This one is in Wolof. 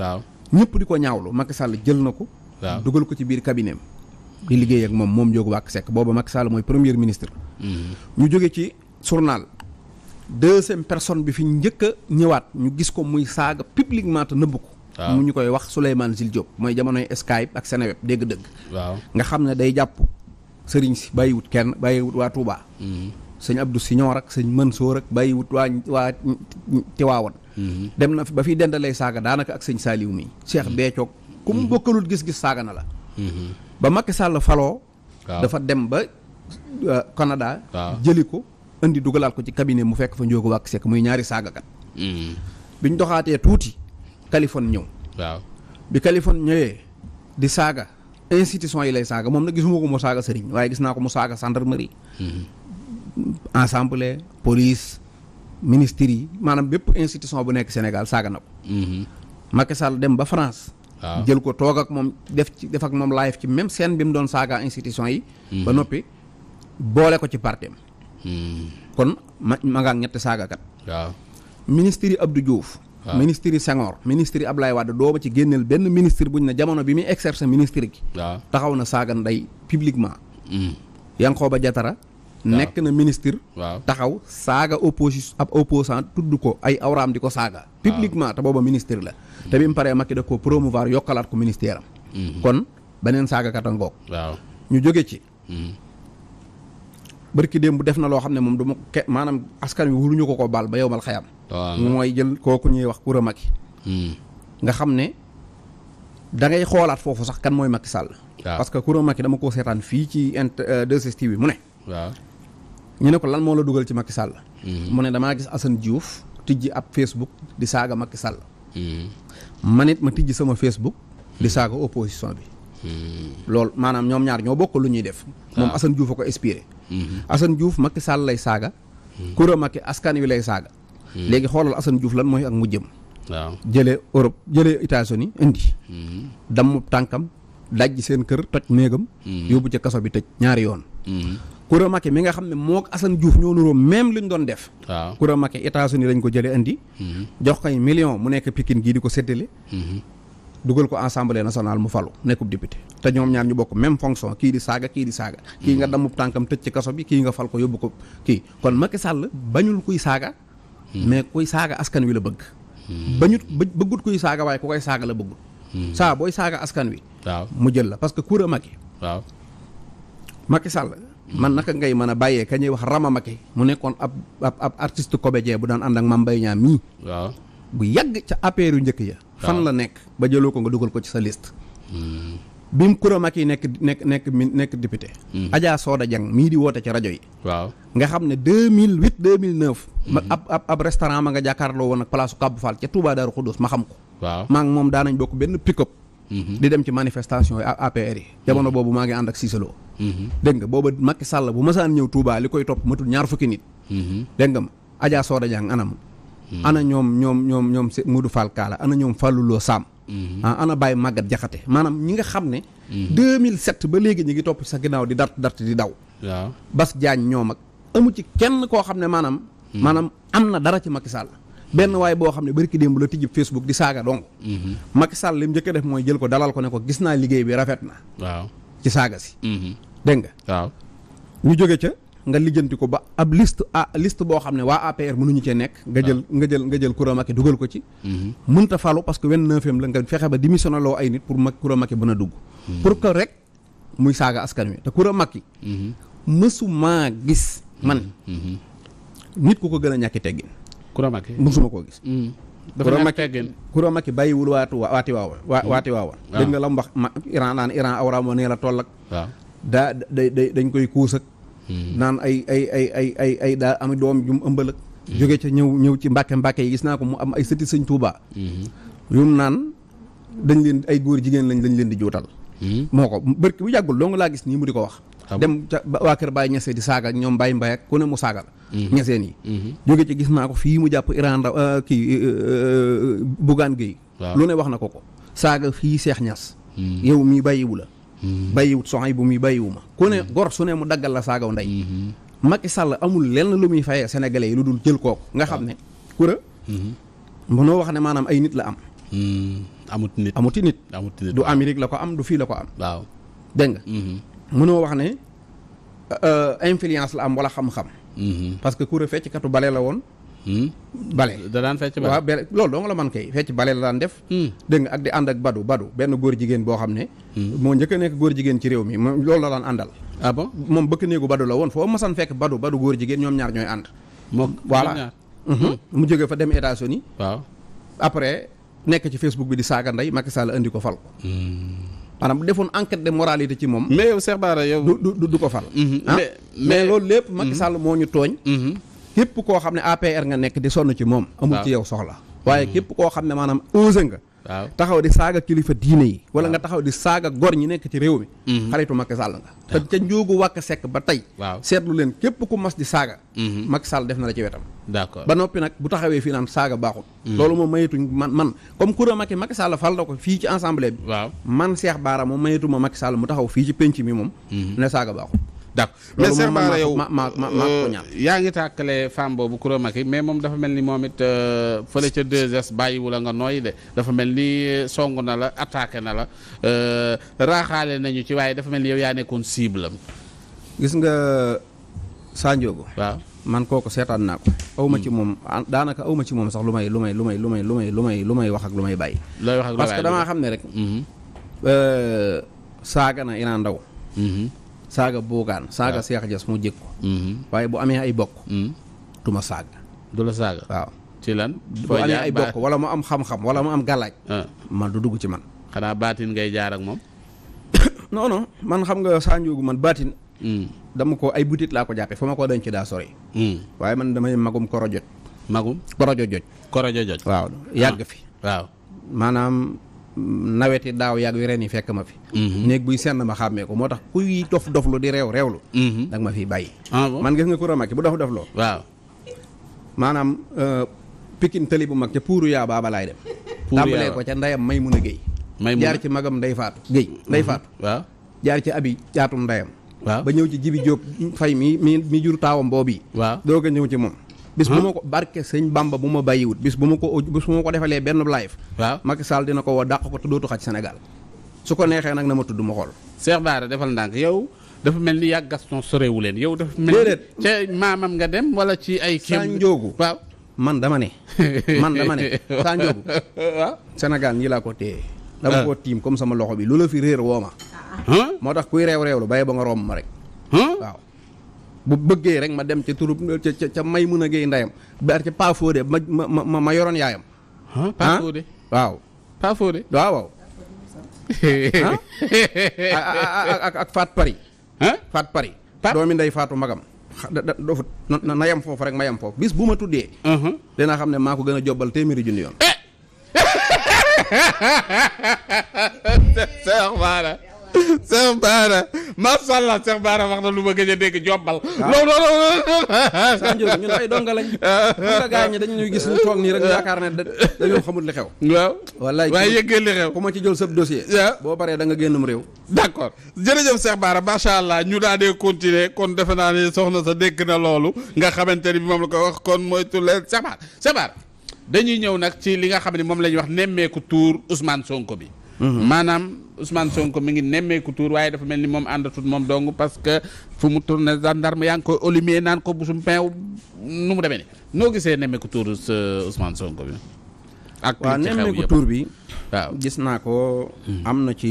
waaw ñëpp di ko ñaawlu Macky Sall jël na ko. waaw dugal ko ci biir cabinet am di liggéey ak moom moom Ndiogou Wack Seck booba Macky Sall mooy premier ministre. Mm-hmm. ñu jóge ci journal. deuxième personne bi fi njëkk a ñëwaat ñu gis ko muy saaga publiquement te nëbb ko. mu ñu koy wax Souleymane Jules Diop mooy jamonoy Skype ak Seneweb dégg-dëgg. waaw nga xam ne day jàpp sëriñ si bàyyiwut kenn bàyyiwut waa Touba. Mm-hmm. sëñ Abdou Siñoor ak mën soo ak bàyyiwut waa waa Tiwaawan. dem na ba fi dendalee saaga daanaka ak sëñ Saaliw mi Cheikh mm-hmm. Béthio ku mu mm-hmm. bokkalul gis-gis saaga na la mm-hmm. ba Macky sàll faloo dafa dem ba euh, Canada jëli ko indi dugalaat ko ci cabinet mu fekk fa njóogu wàkk sekk muy ñaari saaga saagakat biñ doxaatee tuuti Californie ñëw waaw bi Californie ñëwee di saaga institution yi lay saaga moom na gisuma ko mu saaga sëriñ waaye gis naa ko mu saaga gendarmerie ensemble police ministres yi maanaam bépp institution bu nekk Sénégal saaga na ko. Mhm. Macky Sall dem ba France. jël ko toog ak moom def ci def ak moom live ci même scène bi mu doon saaga institution yi. Mhm. ba noppi boole ko ci partem mhm. kon ma ma ngaa ñetti saagakat. waaw ministre yi Abdou Diouf. waaw ministre yi Senghor. ministre yi Abdoulaye doo ma ci génneel benn ministre buñ ne jamono bi muy exercer ministre gi. taxaw na saaga nday publiquement. ba Diattara. nekk na ministre. waaw taxaw saaga opposition ab opposant tudd ko ay awraam di ko saaga. publiquement te booba la. te bi mu paree Macky da ko promouvoir yokkalaat ko ministère am. Mhm. kon beneen saaga kata a ngoog. ñu jóge ci. Mhm. barki démb def na loo xam ne moom du ma ke maanaam askan wi wuruñu ko ko baal ba yow mal xayam. mooy jël kooku ñuy wax kura Macky. Mhm. nga xam ne da ngay xoolaat foofu sax kan mooy Macky Sall. parce que kura Macky dama ko seetaan fii ci int 2STV euh, mu ne. waaw ñu ne ko lan moo la dugal ci Macky Sall. Mm-hmm. mu ne damaa gis Assane Diouf tijji ab Facebook di saaga Macky Sall. Mm-hmm. man it ma tijji sama Facebook. di mm-hmm. saaga opposition bi. loolu maanaam ñoom ñaar ñoo bokk lu ñuy def. moom ah. Assane Diouf a ko inspiré. Assane Diouf Macky sàll lay saaga. kura Macky askan wi lay saaga. léegi xoolal Assane Diouf lan mooy ak mujjëm. waaw jëlee Europe jëlee États-Unis indi. damm tànkam dajji seen kër toj néegam. yóbbu ca kaso bi tëj ñaari yoon. Koura Macky mi nga xam ne moo Assane Diouf ñoo nuroo même li ñu doon def. waaw Koura Macky États-Unis lañ ko jëlee andi. Mhm. jox koy million mu nekk Pikine gii di ko séddale. Mhm. dugal ko assemblée nationale mu falu nekkub député. te ñoom ñaar ñu bokk même fonction kii di saaga kii di saaga. Mhm. kii nga mu tànkam tëj ci kaso bi kii nga fal ko yóbbu ko kii kon Macky Sall bañul kuy saaga. mais kuy saaga askan wi la bëgg. bañut bëggut kuy saaga waaye ku koy saaga la bëggut. saa booy saaga askan wi. mu jël la parce que Koura Macky. waaw Macky man naka ngay mën a bàyyee ka ñuy wax ramamaki mu nekkoon ab ab ab artiste comédien bu daan ànd ak Mame Mbaye Niang mii. bu yàgg ca APR yu njëkk ya. fan la nekk ba jëloo ko nga dugal ko ci sa list hmm. bi mu Coura Maki nekk nekk nekk nekk député. Hmm. Adja Soda Dieng mii di woote ci rajo yi. waaw nga xam ne 2008 2009. ma hmm. ab ab ab restaurant ma nga jàkkaarloo woon ak place Kabou Fall ca Touba Darou Khoudoss ma xam ko. waaw maa ngi moom daan nañ bokk benn pick-up. di dem ci manifestation yi APR yi. jamono boobu maa ngi ànd ak Cissé Lo Mm-hmm. dégg nga booba Macky Sall bu ma saan ñëw tuubaali koy topp matul ñaar fukki nit. Mm-hmm. dégg nga ma Adja Soda Diang anam. Mm-hmm. ana ñoom ñoom ñoom ñoom Modou Fall Kaala ana ñoom Fallou Lo Sam. Ah, ana Baye Maguette Diakhaté maanaam ñi nga xam ne. 2007 ba léegi ñu ngi topp sa ginnaaw di dart dart di daw. waaw Bas Diagne ñoom ak amu ci kenn koo xam ne maanaam. maanaam am na dara ci Macky Sall. benn waaye boo xam ne bari ki démb la tijjib Facebook di saaga donc Macky Sall li mu def mooy jël ko dalal ko ne ko gis naa liggéey bi rafet na. waaw ci saaga si. dégg nga. waaw ñu jóge ca nga lijjanti ko ba ab liste a ah, liste boo xam ne waa APR mënuñu cee nekk. nga jël nga jël nga jël Coura Macky dugal ko ci. Mm-hmm. mënut a falu parce que vingt-neuvième la nga fexe ba démissionné loo ay nit pour mag Coura mën a dugg. Mm-hmm. pour rek muy saaga askan wi te Coura Macky. Mm-hmm. mësuma gis man. nit ku ko gën a ñàkki teggin. Coura Macky mësuma koo gis. dafa ñàkk teggin Coura bàyyiwul waatu waati waawoon. waati waawoon. dégg nga la mu ma Iran naan Iran awraam la toll ak. daa dañ koy kuus ak hmm. naan ay ay ay ay ay ay daa am doom ju mu ëmbal hmm. jóge ca ñëw ñëw ci mbàkke mbàkke yi gis naa ko mu am ay sëti sëñ Touba. Hmm. yum naan dañ leen ay góor jigéen lañ dañ leen di juutal moo ko bërki bu yàggul dong laa gis nii mu di ko wax ah dem ca waa kër Baye Niassé di saaga ñoom Baye Mbaye ak ku ne mu saaga la Niasseen yi jóge ci gis naa ko fii mu jàpp Iran da euh, kii euh, euh, Bougane Gueye lu ne wax na ko ko saaga fii seex Niass yow mii bàyyiwu la Mm-hmm. bàyyiwut soxay bu muy bàyyiwu ma ku ne mm-hmm. gor su ne mu daggal la saagaw ndey mm-hmm. Macky Sall amul lenn lu muy fayee sénégalais yi lu dul jël kooku nga xam ne kura mënoo wax ne maanaam ay nit la am amut nit amuti nit du Amérique la ko am du fii la ko am waaw dégg nga mënoo wax ne euh, euh, influence la am walla xam-xam parce que kura fecc katu bale la woon Hmm? bale da daan fecc bale waaw bale loolu doo la man kay fecc bale la daan def hmm. dégg nga ak di ànd ak badu badu benn góor jigéen boo xam ne hmm. moo njëkk a nekk góor jigéen ci réew mi moom loolu la daan àndal ah bon moom bëkk néegu badu la woon foo masan fekk badu badu góor jigéen ñoom ñaar ñooy ànd moom voilà mhm. mu jóge fa dem États-Unis waaw après nekk ci Facebook bi di saaga ndey Macky Sall andi ko fal ko maanaam defoon enquête de moralité ci moom mais yow Cheikh Bara yow du du ko fal mhm. ah. mais loolu lépp Macky mhm. Sall moo ñu tooñ képp koo xam ne APR nga nekk di sonn ci moom. amul ci yow soxla. waaye hmm. képp koo xam ne maanaam osé nga. waaw taxaw di saaga kilifa diine yi. wala nga taxaw di saaga gor ñi nekk ci réew mi. Hmm. xaritu Macky Sall nga. te ca njóogu wàkk sekk ba tey. waaw seetlu leen képp ku mas di saaga. Hmm. Macky Sall def na la ci wetam. d'accord ba noppi nag bu taxawee fii naan saaga baaxul. loolu moom mayetuñ man man comme kuréel Macky Macky Sall fal na ko fii ci assemblée bi. man Cheikh Bara moom mayetu ma Macky mu taxaw fii ci penc mi moom. ne saaga baaxul. d'accord mais Cheikh Bara yow euh, yaa ngi tàkkale femme boobu Coura Macky mais moom dafa mel ni moom it euh, fële ca 2S bàyyiwu la nga nooy de dafa mel ni euh, song na la attaqué na la raaxaale nañu ci waaye dafa mel ni yow yaa nekkoon cible am. gis nga Sanjogo. waaw man kooku seetaan naa ko. aw ma ci hmm. moom daanaka aw ma ci moom sax lu may lu may lu may lu may lu may lu may lu may wax ak lu may bàyyi. looy wax ak lu may parce que damaa xam ne rek. Hmm. saaga na Ina Ndaw. Hmm. saaga buugaan saaga Seex Jas mu jëkku waaye bu amee ay bokk mhm. du ma saaga du la saaga waaw ci lan bu amee ay bokk wala mu am xam-xam wala mu am gàllaaj ah. man du dugg ci man xanaa baatin ngay jaar ak moom non man xam nga Sa Ndiogou man baatin mm. dama ko ay butit laa ko jàppee fa ma ko denc daa sori mm. waaye man damay magum korojoj magum korojojoj korojojoj waaw yàgg ah. fi waaw maanaam naweti daaw yàgg yu ren yi fekk ma fi mhm. néeg buy senn ma xàmmee ko moo tax kuy dof doflu di reew reewlu mhm. danga ma fiy bàyyi ah, man gis nga Coura Macky bu dof dofloo waaw maanaam euh, pikin tëli bu mag ca puuru yaa baaba laay dem tàmbalee ko ca ndeyam may mun a géy jaar ci magam ndey faatu géy mhm. ndey faatu jaar ci abi jaatum ndeyam waaw ba ñëw ci jibi jóob fay mi mi jur taawam boobu waaw doo ko ñëw ci moom bis bu ma ko barke sëñ bàmba bu ma bàyyiwut bis bu ma ko bis bu ma ko defalee benn live waaw Macky Sall dina ko woo dàq ko te dootu xaj su ko neexee nag na ma ma xool Cheikh Bara defal ndànk yow dafa mel ni yàgg Gaston sorewu leen yow dafa mel ni nga dem wala ci ay Sane Ndiogou waaw man dama ne man dama ne Sane Ndiogou laa ko téye dama ah. ko tiim comme sama loxo bi lu la fi réer woo ma moo tax kuy réew réew lu bàyyi ba nga romb ma rek waaw bu bëggee rek ma dem ca turub ca ca may mun a géey ndeyam ba ca Paa Fodé ma ma ma ma yoroon yaayam. ah Paa Fodé waaw. waaw ak Faat Paris. ah Faat Paris. doomi ndey Faatu Magam. na na foofu rek ma yem foofu bis bu ma tuddee. Uh-huh. dinaa xam ne maa ko gën a jobbal téeméeri junni yoon. Eh! Cheikh Bara macha allah Cheikh Bara wax na lu ma gëj a dégg jobbal. waaw ah. loolu loolu. Sadio ñun ay donga lañ. xam nga gars ñi dañu ñuy gis ñu toog nii rek yaakaar ne dañoo xamul li xew. waaw wallaay waaye yëggee li xew. ku ma ci jël sa dossier. boo paree da nga génnum réew. d' accord jërëjëf Cheikh Bara macha allah ñu daa dee continuer kon defe naa ne soxna sa dégg na loolu nga xamante ni bi moom la ko wax kon moytu leen Cheikh Bara Cheikh Bara dañuy ñëw nag ci li nga xam ne moom la ñuy wax nemmeeku tuur Ousmane Sonko bi. Mhm. maanaam. Ousmane Sonko mi ngi nemmeeku tuur waaye dafa mel ni moom àndatut moom dong parce que fu mu tourné gendarme yaa ngi koy allumé naan ko busum peew nu mu demee ni noo gisee nemmeeku tuur euh, Ousmane Sonko bi. ak waaw nemmeeku tuur bi. waaw gis naa ko hmm. am na ci.